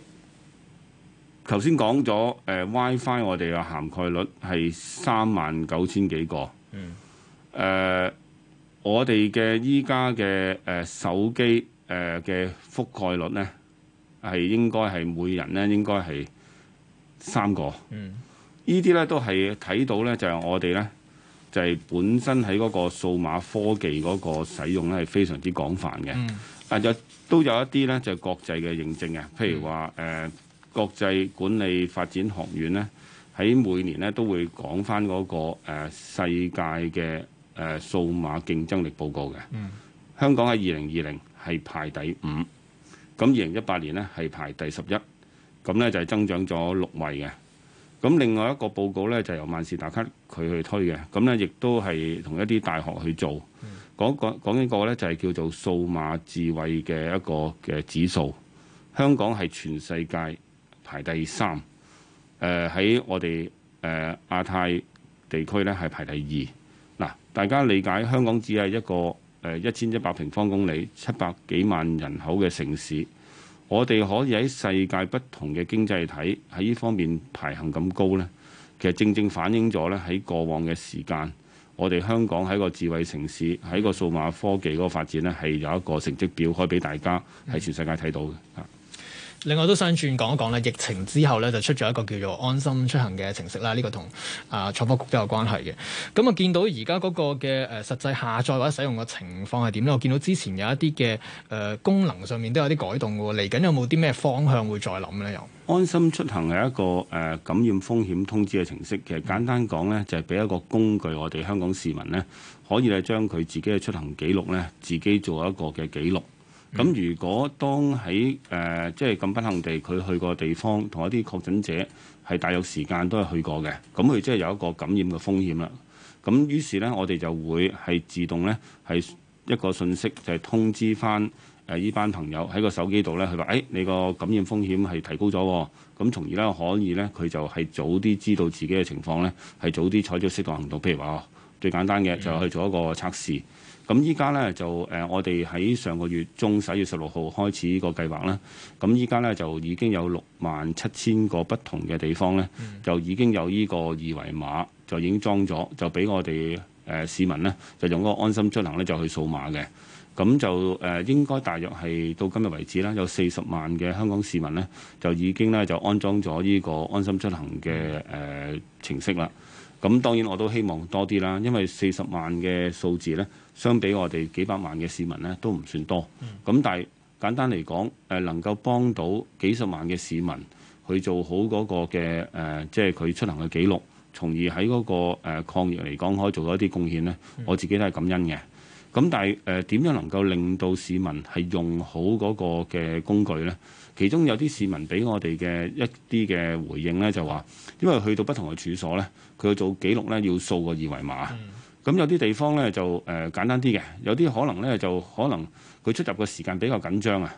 頭先講咗誒 WiFi，我哋嘅涵蓋率係三萬九千幾個，嗯誒。呃我哋嘅依家嘅誒手機誒嘅、呃、覆蓋率呢，係應該係每人呢應該係三個。嗯，呢啲呢都係睇到呢就係我哋呢，就係、是、本身喺嗰個數碼科技嗰個使用呢，係非常之廣泛嘅。嗯、但係有都有一啲呢，就係、是、國際嘅認證嘅，譬如話誒、呃、國際管理發展學院呢，喺每年呢都會講翻嗰個、呃、世界嘅。誒數碼競爭力報告嘅，嗯、香港喺二零二零係排第五，咁二零一八年呢係排第十一，咁呢就係增長咗六位嘅。咁另外一個報告呢，就由萬事達卡佢去推嘅，咁呢亦都係同一啲大學去做。講講講呢個呢，就係叫做數碼智慧嘅一個嘅指數，香港係全世界排第三，喺我哋誒亞太地區呢係排第二。大家理解香港只係一個誒一千一百平方公里、七百幾萬人口嘅城市，我哋可以喺世界不同嘅經濟體喺呢方面排行咁高呢，其實正正反映咗呢喺過往嘅時間，我哋香港喺個智慧城市喺個數碼科技嗰個發展呢，係有一個成績表可以俾大家喺全世界睇到嘅。另外都想轉講一講咧，疫情之後咧就出咗一個叫做安心出行嘅程式啦。呢、這個同啊創科局都有關係嘅。咁啊見到而家嗰個嘅誒、呃、實際下載或者使用嘅情況係點咧？我見到之前有一啲嘅誒功能上面都有啲改動嘅喎。嚟緊有冇啲咩方向會再諗咧？又安心出行係一個誒、呃、感染風險通知嘅程式，其實簡單講咧就係、是、俾一個工具，我哋香港市民咧可以咧將佢自己嘅出行記錄咧自己做一個嘅記錄。咁、嗯、如果當喺誒即係咁不幸地，佢去過嘅地方，同一啲確診者係大約時間都係去過嘅，咁佢即係有一個感染嘅風險啦。咁於是呢，我哋就會係自動呢，係一個信息，就係通知翻誒呢班朋友喺個手機度呢。佢話誒你個感染風險係提高咗，咁從而呢，可以呢，佢就係早啲知道自己嘅情況呢，係早啲採取適當行動，譬如話、哦、最簡單嘅就去做一個測試。嗯咁依家呢，就誒，我哋喺上個月中十一月十六號開始呢個計劃啦。咁依家呢，就已經有六萬七千個不同嘅地方呢，就已經有呢個二維碼，就已經裝咗，就俾我哋誒、呃、市民呢，就用嗰個安心出行呢，就去掃碼嘅。咁就誒、呃、應該大約係到今日為止啦，有四十萬嘅香港市民呢，就已經呢，就安裝咗呢個安心出行嘅誒、呃、程式啦。咁當然我都希望多啲啦，因為四十萬嘅數字咧，相比我哋幾百萬嘅市民咧，都唔算多。咁、嗯、但係簡單嚟講，誒能夠幫到幾十萬嘅市民去做好嗰個嘅誒、呃，即係佢出行嘅記錄，從而喺嗰、嗰個、呃、抗疫嚟講，可以做到一啲貢獻咧，我自己都係感恩嘅。咁但係誒點樣能夠令到市民係用好嗰個嘅工具呢？其中有啲市民俾我哋嘅一啲嘅回應呢，就話因為去到不同嘅處所呢，佢要做記錄呢，要掃個二維碼。咁、嗯、有啲地方呢，就、呃、誒簡單啲嘅，有啲可能呢，就可能佢出入嘅時間比較緊張啊。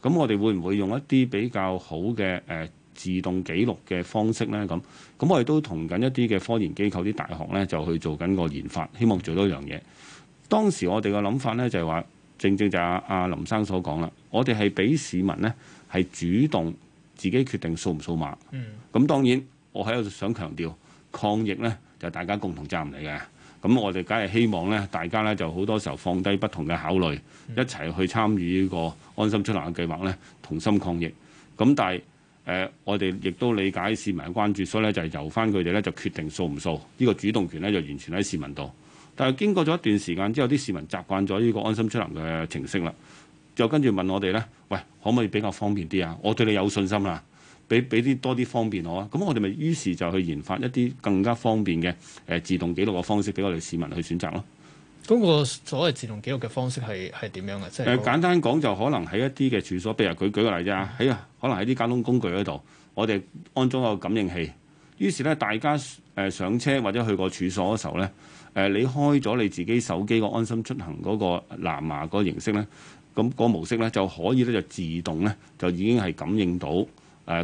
咁我哋會唔會用一啲比較好嘅誒、呃、自動記錄嘅方式呢？咁咁我哋都同緊一啲嘅科研機構、啲大學呢，就去做緊個研發，希望做多一樣嘢。嗯、當時我哋嘅諗法呢，就係話，正正就阿林生所講啦，我哋係俾市民呢。係主動自己決定掃唔掃碼，咁、嗯、當然我喺度想強調，抗疫呢就大家共同責任嚟嘅。咁我哋梗係希望呢，大家呢就好多時候放低不同嘅考慮，一齊去參與呢個安心出行嘅計劃呢，同心抗疫。咁但係、呃、我哋亦都理解市民嘅關注，所以呢就係由返佢哋呢就決定掃唔掃，呢個主動權呢就完全喺市民度。但係經過咗一段時間之後，啲市民習慣咗呢個安心出行嘅程式啦。就跟住問我哋呢，喂，可唔可以比較方便啲啊？我對你有信心啦，俾俾啲多啲方便我啊。咁我哋咪於是就去研發一啲更加方便嘅誒、呃、自動記錄嘅方式，俾我哋市民去選擇咯。嗰個所謂自動記錄嘅方式係係點樣嘅？即係誒簡單講就可能喺一啲嘅處所，比如舉舉個例啫啊，喺啊、嗯，可能喺啲交通工具嗰度，我哋安裝個感應器。於是呢，大家誒上車或者去個處所嘅時候呢，誒、呃、你、呃、開咗你自己手機個安心出行嗰個藍牙嗰個形式呢。咁個模式咧就可以咧就自動咧就已經係感應到誒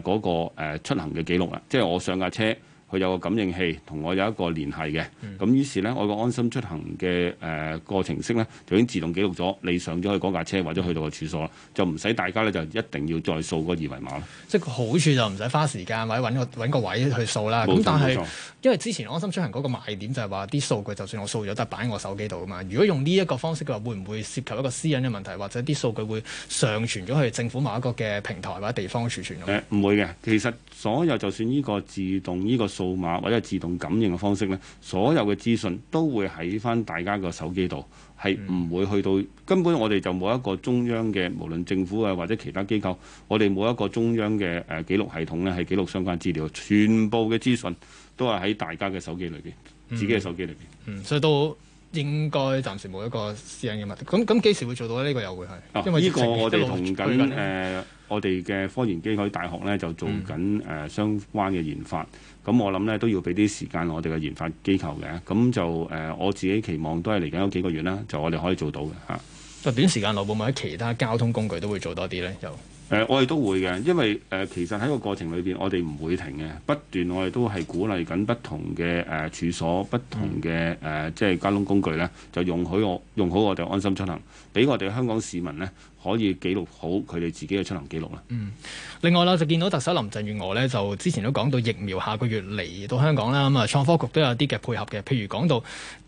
嗰個誒出行嘅記錄啦，即係我上架車。佢有個感應器同我有一個聯繫嘅，咁於、嗯、是咧，我個安心出行嘅誒、呃、過程式咧，就已經自動記錄咗你上咗去嗰架車或者去到個處所，啦，就唔使大家咧就一定要再掃個二維碼咯。即係個好處就唔使花時間或者揾個揾個位去掃啦。咁但係因為之前安心出行嗰個賣點就係話啲數據就算我掃咗都係擺喺我手機度噶嘛。如果用呢一個方式嘅話，會唔會涉及一個私隱嘅問題或者啲數據會上傳咗去政府某一個嘅平台或者地方儲存？誒唔、呃、會嘅，其實所有就算呢個自動呢、呢個數。呢個、數。號碼或者自動感應嘅方式呢，所有嘅資訊都會喺翻大家個手機度，係唔會去到、嗯、根本，我哋就冇一個中央嘅，無論政府啊或者其他機構，我哋冇一個中央嘅誒記錄系統呢係記錄相關資料，全部嘅資訊都係喺大家嘅手機裡邊，嗯、自己嘅手機裡邊。嗯，所以都應該暫時冇一個私隱嘅問題。咁咁幾時會做到呢、這個又會係，因為呢、啊這個我哋同緊緊誒。嗯嗯我哋嘅科研機構大學呢就做緊誒、呃、相關嘅研發，咁我諗呢都要俾啲時間我哋嘅研發機構嘅，咁就誒、呃、我自己期望都係嚟緊有幾個月啦，就我哋可以做到嘅嚇。就、嗯、短時間內會唔會喺，其他交通工具都會做多啲呢？就。誒、呃、我哋都會嘅，因為誒、呃、其實喺個過程裏邊，我哋唔會停嘅，不斷我哋都係鼓勵緊不同嘅誒、呃、處所、不同嘅誒、呃、即係交通工具呢，就容許我用好我哋安心出行，俾我哋香港市民呢可以記錄好佢哋自己嘅出行記錄啦。嗯，另外啦就見到特首林鄭月娥呢，就之前都講到疫苗下個月嚟到香港啦，咁、嗯、啊創科局都有啲嘅配合嘅，譬如講到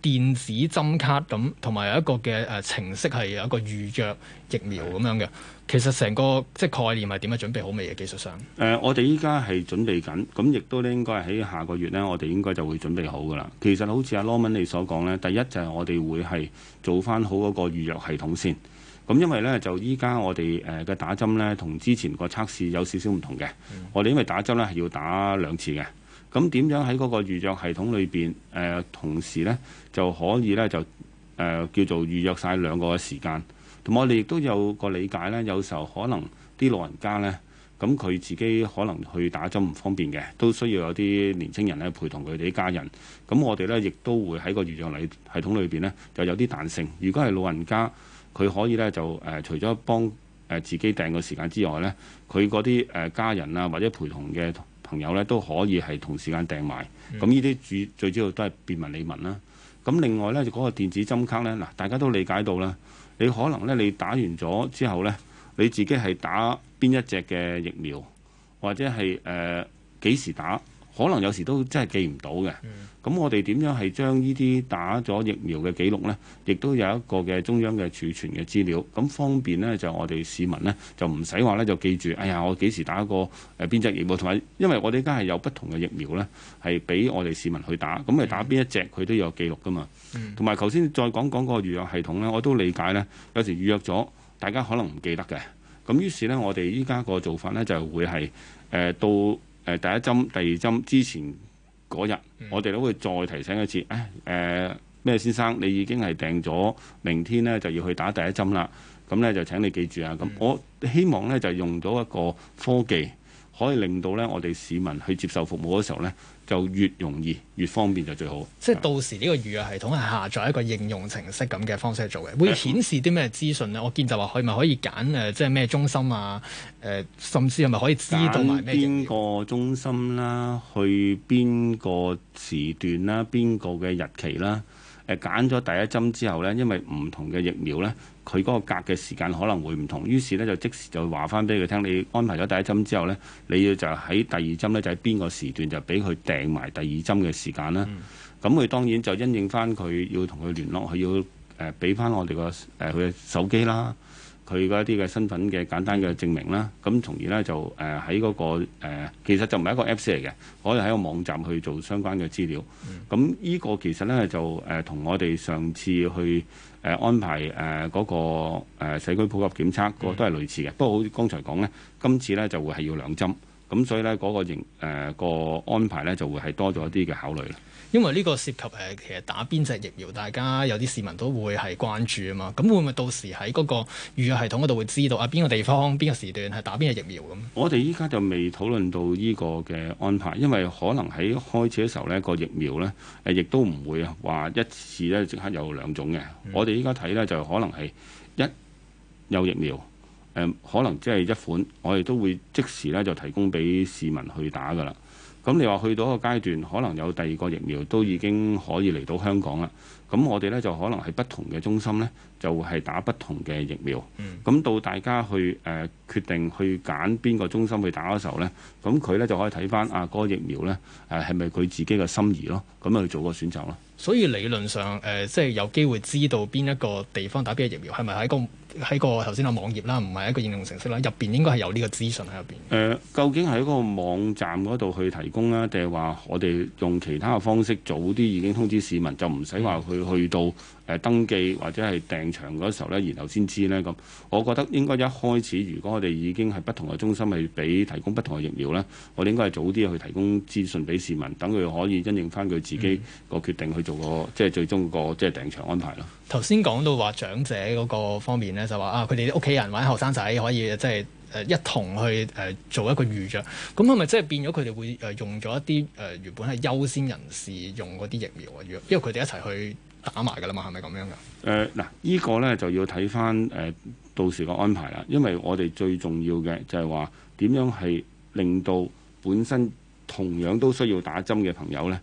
電子針卡咁，同埋有一個嘅誒程式係有一個預約疫苗咁樣嘅。其實成個即係概念係點樣準備好未嘅技術上誒，我哋依家係準備緊，咁亦都咧應該喺下個月呢，我哋應該就會準備好噶啦。其實好似阿羅文你所講呢，第一就係我哋會係做翻好嗰個預約系統先。咁因為呢，就依家我哋誒嘅打針呢，同之前個測試有少少唔同嘅。嗯、我哋因為打針呢係要打兩次嘅，咁點樣喺嗰個預約系統裏邊誒同時呢，就可以呢，就、呃、誒叫做預約晒兩個嘅時間。同我哋亦都有個理解咧，有時候可能啲老人家呢，咁佢自己可能去打針唔方便嘅，都需要有啲年青人咧陪同佢哋一家人。咁我哋呢亦都會喺個預約系統裏邊呢就有啲彈性。如果係老人家，佢可以呢就誒、呃、除咗幫自己訂個時間之外呢，佢嗰啲誒家人啊或者陪同嘅朋友呢都可以係同時間訂埋。咁呢啲最最主要都係便民利民啦。咁另外咧，嗰、嗰個電子針卡呢，嗱大家都理解到啦。你可能咧，你打完咗之後咧，你自己係打邊一隻嘅疫苗，或者係呃，幾時打？可能有時都真係記唔到嘅，咁我哋點樣係將呢啲打咗疫苗嘅記錄呢？亦都有一個嘅中央嘅儲存嘅資料，咁方便呢，就我哋市民呢，就唔使話呢，就記住，哎呀我幾時打過誒邊隻疫苗，同埋因為我哋依家係有不同嘅疫苗呢，係俾我哋市民去打，咁嚟打邊一隻佢都有記錄噶嘛，同埋頭先再講講個預約系統呢，我都理解呢，有時預約咗大家可能唔記得嘅，咁於是呢，我哋依家個做法呢，就會係誒、呃、到。誒第一針、第二針之前嗰日，嗯、我哋都會再提醒一次。誒、哎，咩、呃、先生，你已經係訂咗明天咧，就要去打第一針啦。咁咧就請你記住啊。咁我希望咧就用咗一個科技。可以令到咧，我哋市民去接受服務嘅時候咧，就越容易越方便就最好。即係到時呢個預約系統係下載一個應用程式咁嘅方式去做嘅，會顯示啲咩資訊呢？嗯、我見就話佢咪可以揀誒即係咩中心啊？誒、呃、甚至係咪可以知道埋咩？邊個中心啦？去邊個時段啦？邊個嘅日期啦？誒揀咗第一針之後咧，因為唔同嘅疫苗咧。佢嗰個隔嘅時間可能會唔同，於是咧就即時就話翻俾佢聽，你安排咗第一針之後呢，你要就喺第二針呢，就係邊個時段就俾佢訂埋第二針嘅時間啦。咁佢、嗯、當然就因應翻佢要同佢聯絡，佢要誒俾翻我哋個誒佢嘅手機啦，佢嗰啲嘅身份嘅簡單嘅證明啦。咁從而呢，就誒喺嗰個、呃、其實就唔係一個 app 嚟嘅，可以喺個網站去做相關嘅資料。咁呢、嗯、個其實呢，就誒同、呃、我哋上次去。誒安排誒嗰、呃那個社、呃、區普及檢測，嗰個都係類似嘅。不過好似剛才講咧，今次咧就會係要兩針，咁所以咧、那、嗰個型誒、呃那個、安排咧就會係多咗一啲嘅考慮。因為呢個涉及誒其實打邊隻疫苗，大家有啲市民都會係關注啊嘛。咁會唔會到時喺嗰個預約系統嗰度會知道啊邊個地方、邊個時段係打邊隻疫苗咁？我哋依家就未討論到呢個嘅安排，因為可能喺開始嘅時候呢個疫苗呢，亦都唔會啊話一次呢即刻有兩種嘅。嗯、我哋依家睇呢，就可能係一有疫苗、嗯、可能即係一款，我哋都會即時呢就提供俾市民去打噶啦。咁你話去到一個階段，可能有第二個疫苗都已經可以嚟到香港啦。咁我哋咧就可能係不同嘅中心咧，就係打不同嘅疫苗。咁、嗯、到大家去誒、呃、決定去揀邊個中心去打嘅時候咧，咁佢咧就可以睇翻啊、嗰個疫苗咧誒係咪佢自己嘅心儀咯，咁啊去做個選擇咯。所以理論上誒、呃，即係有機會知道邊一個地方打邊個疫苗，係咪喺個喺個頭先個網頁啦，唔係一個應用程式啦，入邊應該係有呢個資訊喺入邊。誒、呃，究竟喺個網站嗰度去提供啦，定係話我哋用其他嘅方式早啲已經通知市民，就唔使話。佢、嗯。去到誒登記或者係訂場嗰時候咧，然後先知咧咁，我覺得應該一開始，如果我哋已經係不同嘅中心係俾提供不同嘅疫苗咧，我哋應該係早啲去提供資訊俾市民，等佢可以因應翻佢自己個決定去做個即係、嗯、最終個即係訂場安排咯。頭先講到話長者嗰個方面咧，就話啊，佢哋屋企人或者後生仔可以即係誒一同去誒、呃、做一個預約，咁係咪即係變咗佢哋會誒用咗一啲誒、呃、原本係優先人士用嗰啲疫苗啊？如果因為佢哋一齊去。打埋㗎啦嘛，係咪咁樣㗎？誒嗱、呃，呢、呢個呢，就要睇翻誒到時個安排啦。因為我哋最重要嘅就係話點樣係令到本身同樣都需要打針嘅朋友呢，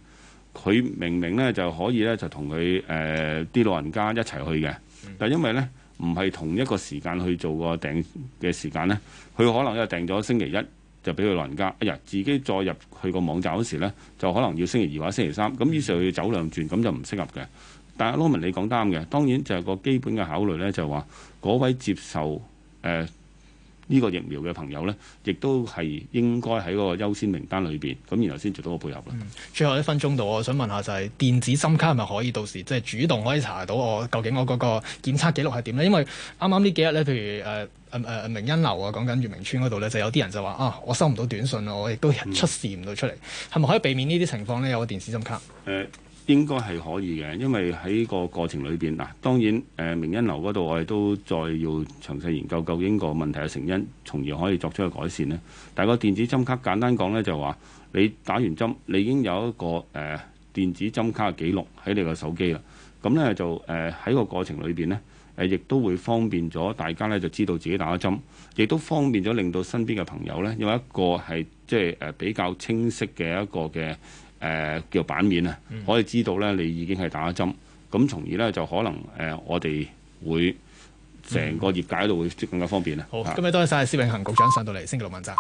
佢明明呢就可以呢，就同佢誒啲老人家一齊去嘅。但因為呢，唔係同一個時間去做個訂嘅時間呢，佢可能咧訂咗星期一就俾佢老人家一日、哎、自己再入去個網站嗰時咧，就可能要星期二或者星期三咁，於是佢要走兩轉咁就唔適合嘅。但係，Lawman 你講啱嘅，當然就係個基本嘅考慮咧，就話、是、嗰位接受誒呢、呃這個疫苗嘅朋友咧，亦都係應該喺嗰個優先名單裏邊，咁然後先做到個配合啦、嗯。最後一分鐘度，我想問下就係電子針卡係咪可以到時即係、就是、主動可以查到我究竟我嗰個檢測記錄係點咧？因為啱啱呢幾日咧，譬如誒誒誒明恩樓啊，講緊月明村嗰度咧，就有啲人就話啊，我收唔到短信，我亦都出示唔到出嚟，係咪、嗯、可以避免呢啲情況咧？有個電子針卡誒。嗯。應該係可以嘅，因為喺個過程裏邊嗱，當然誒、呃、明恩樓嗰度我哋都再要詳細研究究竟個問題嘅成因，從而可以作出嘅改善呢。但係個電子針卡簡單講呢，就話你打完針，你已經有一個誒、呃、電子針卡記錄喺你個手機啦。咁呢，就誒喺、呃、個過程裏邊呢，誒亦都會方便咗大家呢，就知道自己打咗針，亦都方便咗令到身邊嘅朋友呢，有一個係即係比較清晰嘅一個嘅。誒、呃、叫版面啊，嗯、可以知道咧，你已經係打咗針，咁從而咧就可能誒、呃，我哋會成個業界喺度會更加方便咧、嗯。好，是好今日多謝，謝薛永恒局長上到嚟，星期六晚晝。